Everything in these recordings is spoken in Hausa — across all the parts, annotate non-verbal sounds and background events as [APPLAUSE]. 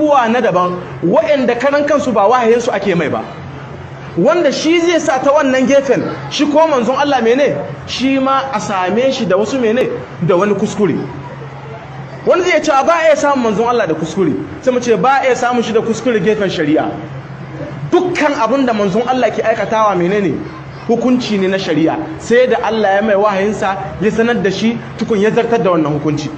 abubuwa na daban waɗanda karan kansu ba su ake mai ba wanda shi zai sa ta wannan gefen shi ko manzon Allah mene shi ma a same shi da wasu mene da wani kuskure wanda zai ce ba ya samu manzon Allah da kuskure sai mu ce ba ya samu shi da kuskure gefen shari'a dukkan abin da manzon Allah ke aikatawa menene hukunci ne na shari'a sai da Allah ya mai wahayinsa ya sanar da shi tukun ya zartar da wannan hukunci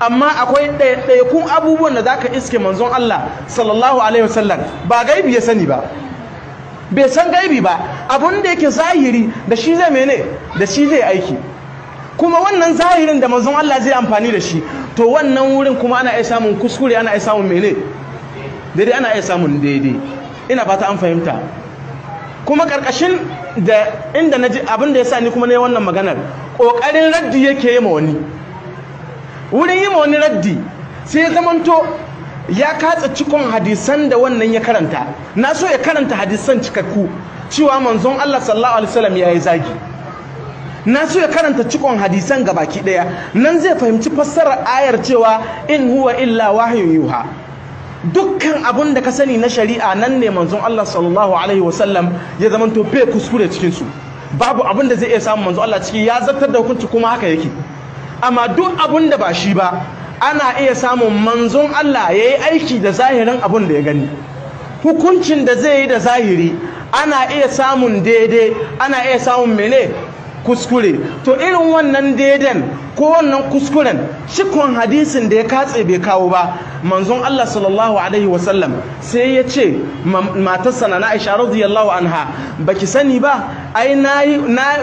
amma akwai ɗaiɗaikun abubuwan da zaka iske manzon Allah sallallahu alaihi wasallam ba gaibi ya sani ba bai san gaibi ba abun da yake zahiri da shi zai mene da shi zai aiki kuma wannan zahirin da manzon Allah zai amfani da shi to wannan wurin kuma ana iya samun kuskure ana iya samun mene daidai ana iya samun daidai ina fata an fahimta kuma karkashin da inda naji abin da ya ni kuma ne wannan maganar kokarin raddi yake yi ma wani wurin yi ma wani raddi sai ya zamanto ya katsa cikon hadisan da wannan ya karanta na so ya karanta hadisan cikakku cewa manzon Allah sallallahu alaihi wasallam ya yi zagi na so ya karanta cikon hadisan ga baki daya nan zai fahimci fassarar ayar cewa in huwa illa wahyun yuha dukkan abun da ka sani na shari'a nan ne manzon Allah sallallahu alaihi wasallam ya zamanto bai kuskure cikin su babu abin da zai iya samun manzo Allah ciki ya zartar da hukunci kuma haka yake amma duk abun da ba shi ba ana iya samun manzon Allah ya yi aiki da zahirin abun da ya gani hukuncin da zai yi da zahiri ana iya samun daidai ana iya samun mene kuskure to irin wannan daidan ko wannan kuskuren cikon hadisin da ya katse bai kawo ba manzon Allah sallallahu alaihi wasallam sai ya ce matarsa na Aisha radiyallahu anha baki sani ba ai nayi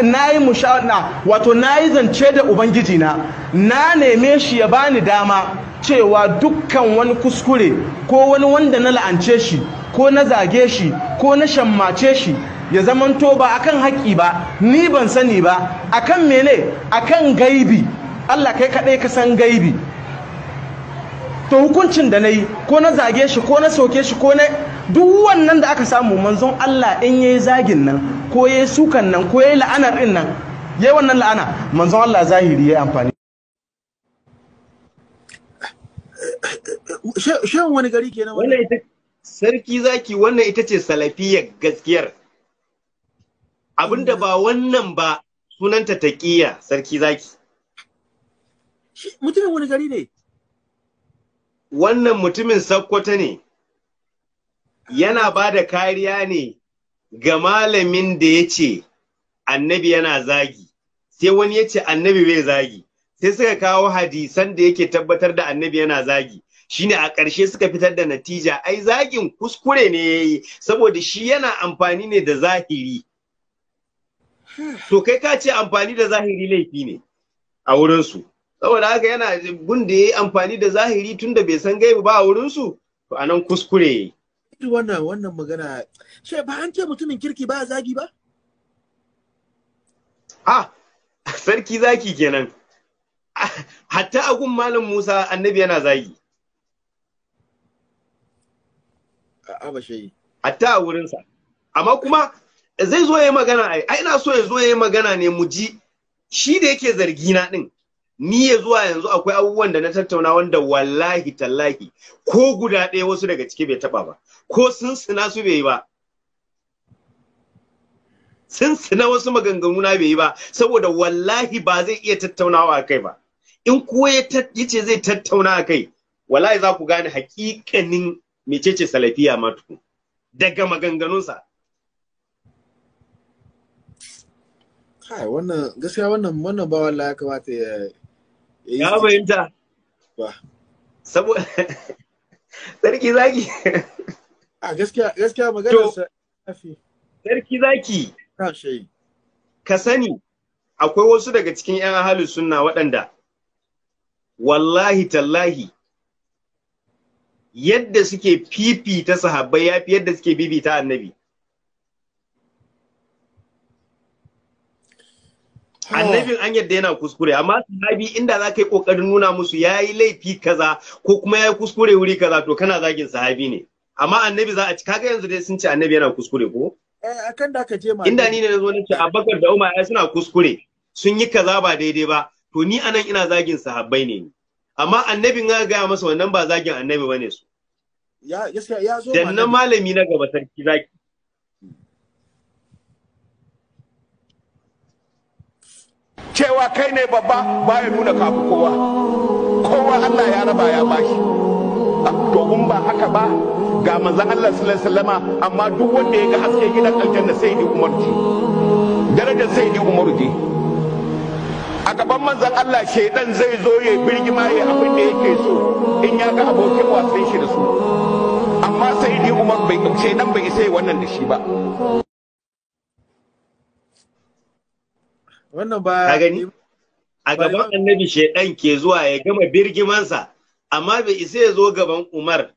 nayi mushawara wato nayi zance da ubangiji na na neme shi ya bani dama cewa dukkan wani kuskure ko wani wanda na la'ance shi ko na zage shi ko na shammace shi ya zamanto ba akan haƙƙi ba ni ban sani ba akan mene akan gaibi Allah kai kaɗai ka san gaibi to hukuncin da na yi ko na zage shi ko na soke shi ko na duk wannan da aka samu manzon Allah in yayi zagin nan ko yayi sukan nan ko yayi la'anar din nan yayi wannan la'ana manzon Allah zahiri yayi amfani shan wani gari kenan wannan ita sarki zaki wannan ita ce salafiyar gaskiyar abinda ba wannan ba sunanta taƙiyya sarki zaki mutumin wani gari ne wannan mutumin sakkwata ne yana ba da kariya ne ga malamin da ya ce annabi yana zagi sai wani ya ce annabi bai zagi sai suka kawo hadisan da yake tabbatar da annabi yana zagi shine a ƙarshe suka fitar da natija ai zagin kuskure ne ya yi saboda shi yana amfani ne da zahiri to kai ka ce amfani da zahiri laifi ne a wurinsu saboda haka yana gun da ya yi amfani da zahiri tun da bai san gaibu ba a wurinsu to anan kuskure ya yi wannan wannan magana shi ba an ce mutumin kirki ba zagi ba ah sarki zaki kenan hatta a gun malam musa annabi yana zagi a ba shi hatta a wurinsa amma kuma zai zo ya yi magana ai ai ina so ya zo ya yi magana ne mu ji shi da yake zargi na din ni ya zuwa yanzu akwai abubuwan da na tattauna wanda wallahi tallahi ko guda ɗaya wasu daga ciki bai taba ba ko sun sina su bai yi ba sun sina wasu maganganu na bai yi ba saboda wallahi ba zai iya tattaunawa a kai ba in kuwa ya ce zai tattauna a kai wallahi za ku gane hakikanin mecece salafiya matuku daga maganganunsa kai wannan gaskiya wannan wannan ba wallahi ya kamata ya ya fahimta ba saboda [LAUGHS] sarki zaki a gaskiya gaskiya magana sa sarki zaki ka shi ka sani akwai wasu daga cikin yan ahalus sunna waɗanda wallahi tallahi yadda suke fifita sahabbai ya fi yadda suke bibita annabi Oh. annabin an yadda yana kuskure amma sahabi inda za ka yi kokarin nuna musu ya yi laifi kaza ko kuma ya yi kuskure wuri kaza to kana zagin sahabi ne amma annabi za a ci kaga yanzu dai sun ce annabi yana kuskure ko eh akan da ka je ma inda ni ne nazo ce Abubakar da Umar suna kuskure sun yi kaza ba daidai ba to ni anan ina zagin sahabbai ne amma annabin ga ga masa wannan ba zagin annabi bane su ya gaskiya ya zo malami na gaba sarki zaki cewa kai ne babba ba ya nuna kafin kowa kowa allah ya raba ya bashi to in ba haka ba ga manzan allah sallallahu amma duk wanda ya ga haske gidan aljanna sai dai umar ji darajar sai umar ji a gaban manzan allah shaidan zai zo ya birgima ya abin da yake so in ya ga abokin wasan shi da su amma sai umar bai shaidan bai isa wannan da shi ba Wannan ba Ka gani? A gaban Annabi shedan ke zuwa ya gama birgimansa amma bai isa ya zo gaban Umar